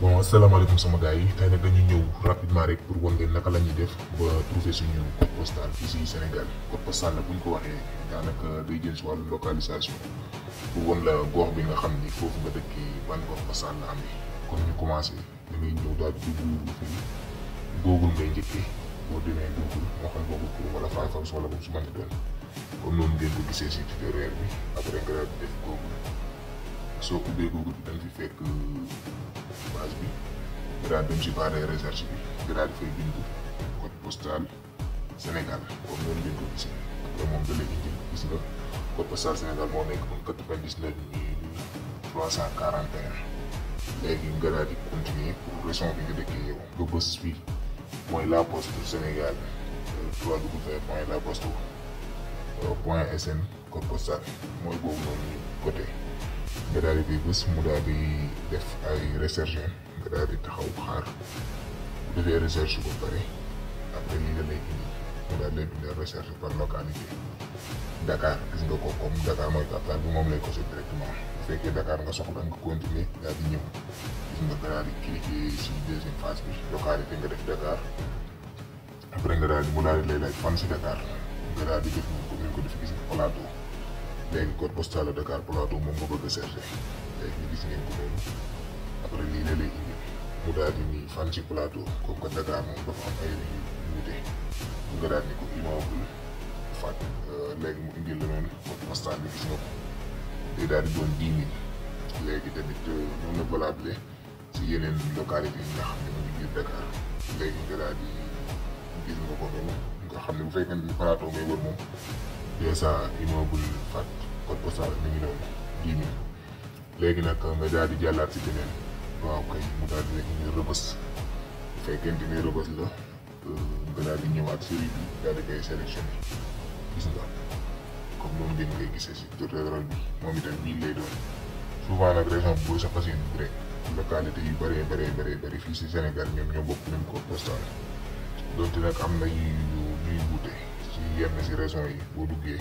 bon asalaamaaleykum sama gars yi tey nag dañu ñëw rapidement rek pour wan leen naka la ñuy def ba trouver suñu code postal ici Sénégal code postal nag bu ñu ko waxee daanaka day jëm si wàllu localisation pour wan la gox bi nga xam ni foofu nga dëkk ban gox postal la amee kon ñu commencé da ngay ñëw daal di dugg fii Google ngay njëkkee boo demee Google moo xam Google Chrome wala Firefox wala moom su ma doon kon noonu ngeen ko gisee si tutoriel bi après soo ubbee googu bi da nga fi fekk euh, page bi nga dem si barre recherche bi nga daal di fay bind code postal Sénégal comme noonu ngeen ko gisee après moom ba léegi ngeen ko gis nga code postal Sénégal moo nekk léegi nga daal di continuer pour région bi nga dëkkee yow nga bës fii mooy la poste Sénégal www point la poste euh, point sn euh, code postal mooy boobu noonu côté nga daal di koy bés mu daal di def ay recherche nga daal di taxaw xaar bu defee recherche ba pare après lii la lay indi mu daal lay bindal recherche par localité Dakar gis nga ko comme Dakar mooy capitale bi moom lay ko sot directement bu fekkee Dakar nga soxla nga continuer daal di ñëw gis nga nga daal di cliquer ci deuxième phase bi localité nga def Dakar après nga daal di mu daal di lay laaj fan si Dakar nga daal di def ko ñu ko def gis nga plateau léegi code postal Dakar Plateau moom nga bëgg a seet léegi ñu gis ko noonu lay indi mu daal di ni fan ci Plateau comme que Dakar moom dafa am ay unité nga daal ni ko immeuble fàtt euh, léegi mu indil la noonu code postal bi gis nga ko day daal di doon dix mille léegi tamit euh, nga xam ne ñu Dakar léegi nga daal di nga ko nga xam ne bu fekkee ni Plateau ngay dèjà immeuble Fat code postal mi ngi noonu léegi nag nga daal di jàllaat si beneen waaw kay mu daal di euh, nga di ñëwaat série bi daal di koy sélectionné gis nga comme moom ngeen koy gisee si tutoriel bi moom itam bii lay doon souvent nag région boo sa fas yéene rek localité yu baree bëree bëree bëri fii si Sénégal ñoom ñoo bokk nañ code postal donte nag am na ñuy wuute. yenn si régions yi boo duggee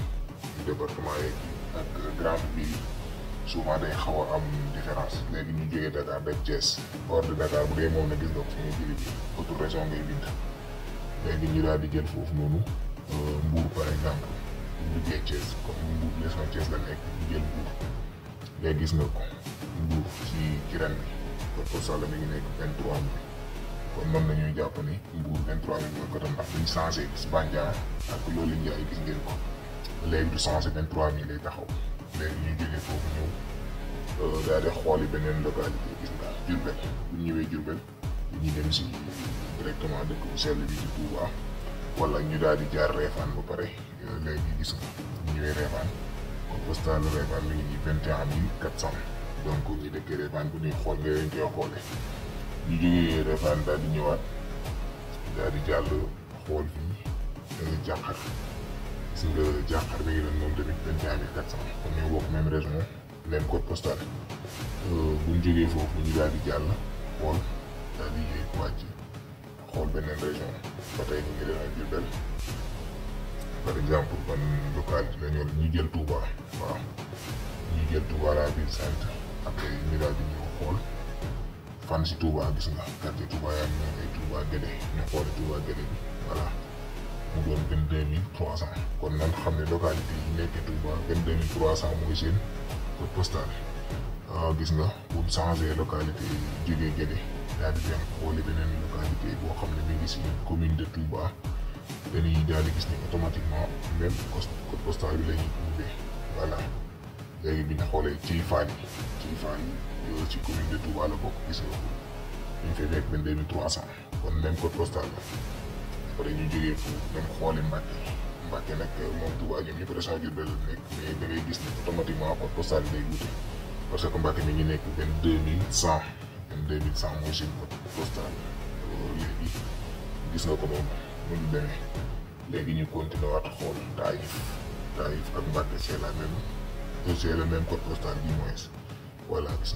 ci département yeeg ak grande ville souvent xaw am différence léegi ñu jógee Dakar def Thiès hors de Dakar bu moom ne gis nga ñu daal di foofu noonu euh, Mbour par exemple ñu duggee Thiès comme Mbour région la nekk ñu jël Mbour léegi gis nga ko ci ci bi pour pour soxla mi ngi nekk vingt-trois kon mën nañoo jàpp ni Mbour 23 lañ boycotté ndax buñ changé Sbandia ak loolu Ndiaye gis ngeen ko léegi du changé 23 mille taxaw léegi ñu jógee foofu ñëw euh, daal di xooli beneen localité gis nga ñëwee Diourbel ñu dem si directement dëkk bu sell bi ci Touba wala ñu daal di jaar Réfane ba pare euh, léegi gis nga bu ñëwee Réfane donc ñu dëkkee Réfane bu ñuy xool nga leen koy xoolee. ñu jógee refaan daal di ñëwaat daal di jàll xool fii jànqar gis nga jànqar bi ngi doon moom tamit vingt et un bu ñu jógee foofu ñu daal di jàll xool daal di wàcc xool beneen région ba ñu daal di ñëw xool. fan si Touba gis nga quartier Touba yaa ngi ay Touba Guédé ñu xoole Touba Guédé bi voilà mu doon vingt deux mille trois cent kon nan xam ne localité yi nekkee Touba vingt deux mille trois cent mooy seen code postal waaw ah, gis nga bu mu localité yi jógee Guédé daal di dem xooli beneen localité boo xam ne mi ngi si commune de Touba dañuy daal di gis ni automatiquement même code postal bi la ñuy trouvé léegi bi ñu xoolee ci faan yi ci faan yi ci commune de Touba la bokk a nga ñu ngi fay cent kon même code postal la après ñu jógee fu dem xooli Mbàkke Mbàkke nag moom Touba ñoom ñu pression jur bel gis ne automatiquement code postal yi parce que Mbàkke mi ngi nekk vingt deux mille cent vingt deux mille cent mooy nga ko moom mu ngi léegi ñu continué waat xool Taïf Taïf ak Mbàkke c'est la même c'est le même code postal du moins voilà gis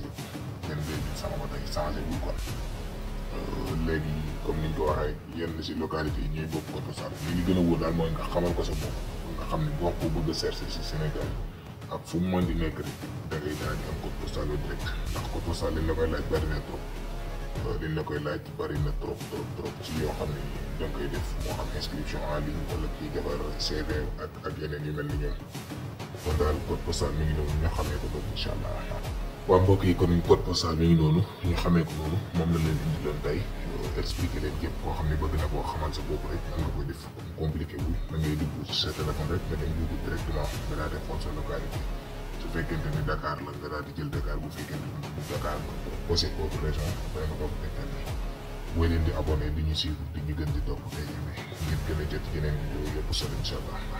nga benn comme niñ ko waxee yenn si localité yi ñooy bokk code postal li ñu gën a wóor daal mooy ko sa bopp nga xam ne boo ko bëgg a chercher si Sénégal ak fu mu mën di nekk rek da ngay daal di am code direct ndax code postal liñ la koy laaj bari na trop euh, liñ la koy laaj bari trop trop trop ci yoo xam ne da nga def moo xam inscription en ligne wala kii defar ak ak yeneen yu mel kon daal code postal mi ngi noonu ñu xamee ko noonu incha allah waa mbokk yi kon code postal mi ngi noonu ñu xamee ko noonu moom la leen indi loon tey euh, expliqué leen képp koo xam ne bëgg na koo xamal sa bopp rek nan nga koy def comme compliqué wul da ngay dugg ci sa téléphone rek nga dem dugg di xool sa localité su fekkente ne Dakar la nga daal di jël Dakar bu fekkente ne Dakar aussi boobu région da nga ko nekkal boo leen di abonné di ñu suivre di ñu gën di topp ngir gën a